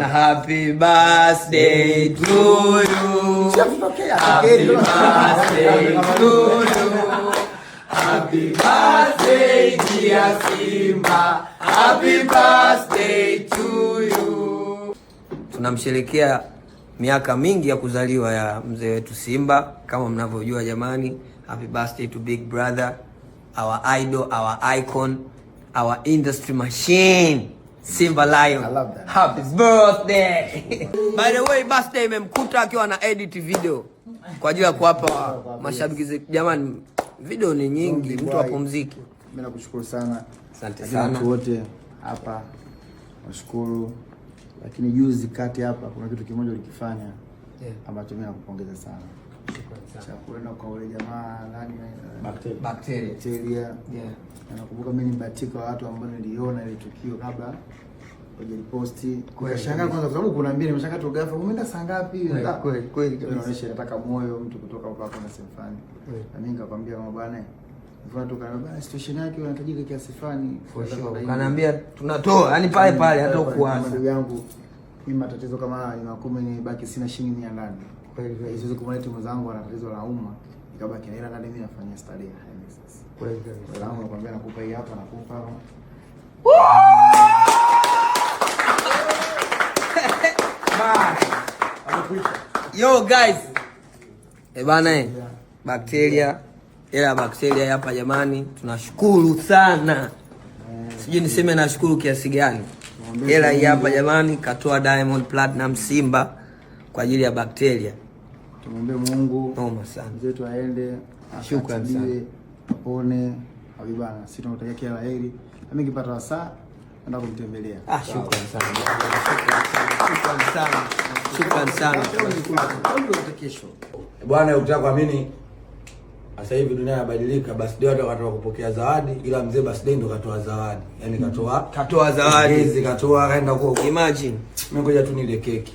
sana. Happy birthday to you. Happy birthday to you. Happy birthday dear Simba. Happy birthday to you. Tunamsherekea miaka mingi ya kuzaliwa ya mzee wetu Simba kama mnavyojua jamani. Happy birthday to big brother, our idol, our icon, our industry machine. Simba Lion. I love that. Happy birthday. By the way, birthday imemkuta akiwa na edit video kwa ajili ya kuwapa mashabiki. Jamani, video ni nyingi, mtu apumzike. Mimi nakushukuru sana. Asante sana. Watu wote hapa nashukuru, lakini juzi kati hapa kuna kitu kimoja ulikifanya ambacho mimi nakupongeza sana cha kuenda kwa ule jamaa nani, eh, bakteria. Nakumbuka mimi nibatika watu ambao niliona ile tukio kabla hujaliposti kwa shaka kwanza, kwa sababu kuna mbili nimeshaka tu gafa, umeenda saa ngapi? Ah, kweli kweli inaonyesha nataka moyo mtu kutoka huko hapo na sefani, na mimi nikakwambia kama bwana Watu kana situation yake unahitajika kiasi fulani, for sure kanaambia tunatoa, yani pale pale hata ukuanza. Ndugu yangu, mimi matatizo kama ni makumi, ni baki sina shilingi 800. Kwa tatizo la umma na mimi starehe. Kwa nakwambia, nakupa hii hapa, nakupa hapa. Yo guys. Eh, bana eh. Bakteria. Hela ya bakteria hapa jamani, tunashukuru sana. Eh. Sijui niseme nashukuru kiasi gani. Hela hii hapa jamani, katoa Diamond Platinum Simba kwa ajili ya bakteria. Tumwombe Mungu noma sana mzetu aende, shukrani sana, apone habibana. Sisi tunakutakia kila la heri, nami nikipata wasaa naenda kumtembelea. Ah, shukrani sana, shukrani sana, shukrani sana. Kesho bwana, ukitaka kuamini sasa hivi dunia inabadilika, birthday watu wakatoa kupokea zawadi, ila mzee birthday ndo katoa zawadi, yani katoa katoa zawadi hizi, katoa kaenda huko. Imagine mimi ngoja tu nile keki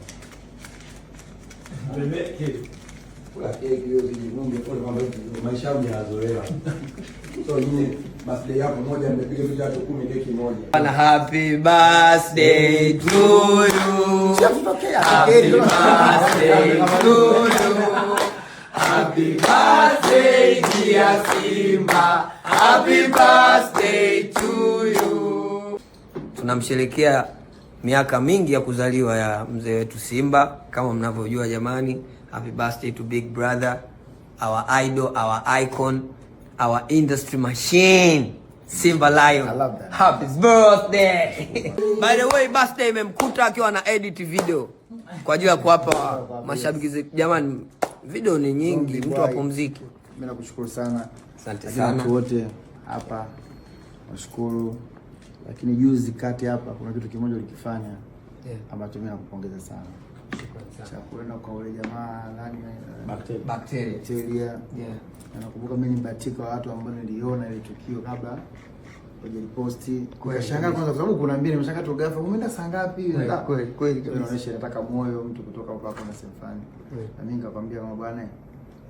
maisha yangu yanazoea. So birthday yako moja mmepiga kumi keki moja. happy birthday to you. Happy birthday to you. Happy birthday dear Simba. Happy birthday to you. Tunamsherekea miaka mingi ya kuzaliwa ya mzee wetu Simba. Kama mnavyojua jamani, happy birthday to big brother, our idol, our icon, our industry machine Simba Lion. I love that. Happy birthday. By the way, birthday imemkuta akiwa na edit video kwa ajili ya kuwapa mashabiki. Jamani, video ni nyingi, mtu apumzike. Mimi nakushukuru sana. Asante sana wote hapa. Nashukuru lakini juzi kati hapa kuna kitu kimoja ulikifanya yeah, ambacho mimi nakupongeza sana cha kwenda kwa ule jamaa nani, eh, bakteria bakteria. Nakumbuka mimi ni batika wa watu ambao niliona ile tukio kabla hujaliposti, kashanga kwanza, kwa sababu kuna mbili, nimeshangaa tu ghafla, umeenda saa ngapi? Kweli kweli, inaonyesha nataka moyo mtu kutoka hapo hapo na sehemu fulani, na mimi nikakwambia bwana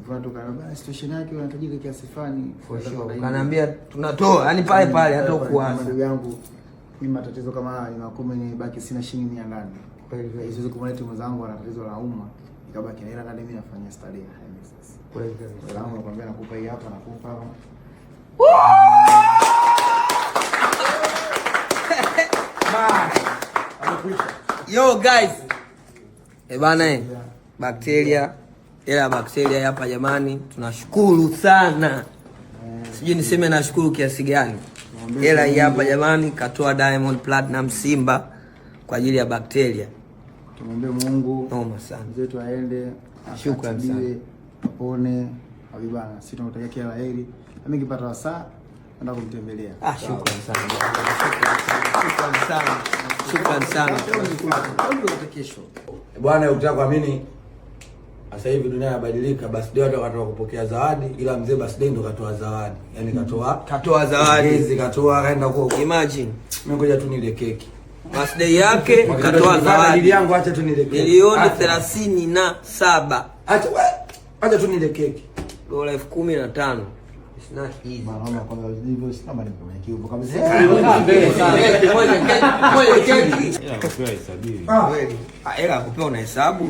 na basi situation yake unatajika kiasi fulani, for sure kanaambia tunatoa, yani pale mm, pale, hata kuanza ndugu yangu, ni matatizo kama haya ni makumi, ni baki sina shilingi mia 800 kwa hivyo kumwona timu zangu ana tatizo la umma ikabaki na ila kadi, mimi nafanya starehe sasa. Kwa hivyo nakwambia nakupa hii hapa, nakupa Yo guys, ebana eh, eh. bakteria ila bakteria hapa jamani, tunashukuru sana. Sijui niseme nashukuru kiasi gani. ila hii hapa jamani, katoa Diamond Platinum Simba kwa ajili ya bakteria. Tumwombe Mungu noma sana zetu aende, shukrani sana, apone habibana. Sisi tunakutakia kila la heri, nami nikipata wasaa naenda kumtembelea. Ah, shukrani sana, shukrani sana, shukrani sana bwana, ukitaka kuamini sasa hivi dunia inabadilika, birthday watu wakatoa kupokea zawadi, ila mzee birthday ndo katoa zawadi. yani katoa katoa zawadi, hizi katoa kaenda kwa imagine. Mimi ngoja tu nile keki. Birthday yake katoa zawadi. Ajili yangu acha tu nile keki. Milioni 37. Acha acha tu nile keki. Dola 15,000. Sina hizi. Maana kwanza kwa kupewa hesabu.